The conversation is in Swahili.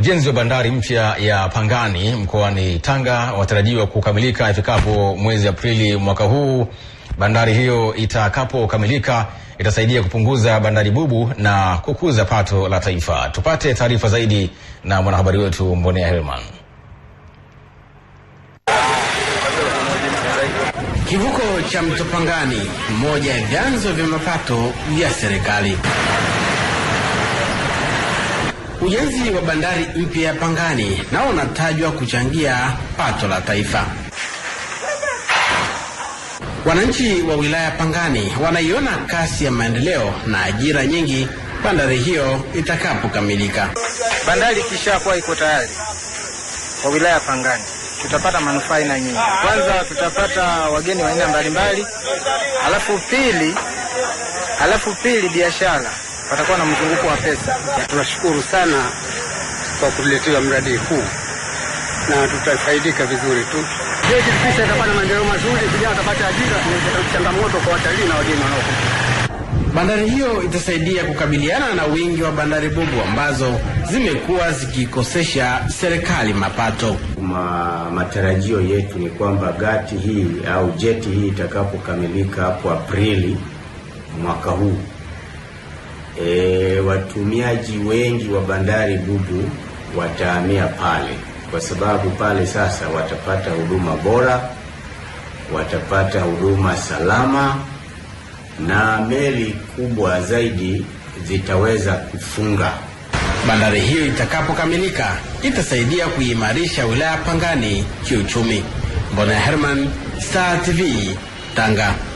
Ujenzi wa bandari mpya ya Pangani mkoani Tanga watarajiwa kukamilika ifikapo mwezi Aprili mwaka huu. Bandari hiyo itakapokamilika itasaidia kupunguza bandari bubu na kukuza pato la taifa. Tupate taarifa zaidi na mwanahabari wetu Mbonea Herman. Kivuko cha Mto Pangani, moja ya vyanzo vya mapato vya serikali. Ujenzi wa bandari mpya ya Pangani nao unatajwa kuchangia pato la taifa. Wananchi wa wilaya Pangani wanaiona kasi ya maendeleo na ajira nyingi bandari hiyo itakapokamilika. Bandari ikishakuwa iko tayari kwa wilaya Pangani, tutapata manufaa aina nyingi. Kwanza tutapata wageni wa aina mbalimbali, alafu pili, alafu pili biashara patakuwa na mzunguko wa pesa. Tunashukuru sana kwa kutuletea mradi huu na tutafaidika vizuri tu. Kisha itakuwa na maendeleo mazuri, vijana watapata ajira, changamoto kwa watalii na wageni wanaokuja. Bandari hiyo itasaidia kukabiliana na wingi wa bandari bubu ambazo zimekuwa zikikosesha serikali mapato. Ma, matarajio yetu ni kwamba gati hii au jeti hii itakapokamilika hapo Aprili mwaka huu e, watumiaji wengi wa bandari Bubu watahamia pale, kwa sababu pale sasa watapata huduma bora, watapata huduma salama na meli kubwa zaidi zitaweza kufunga. Bandari hiyo itakapokamilika itasaidia kuimarisha wilaya Pangani kiuchumi. Mbona Herman, Star TV, Tanga.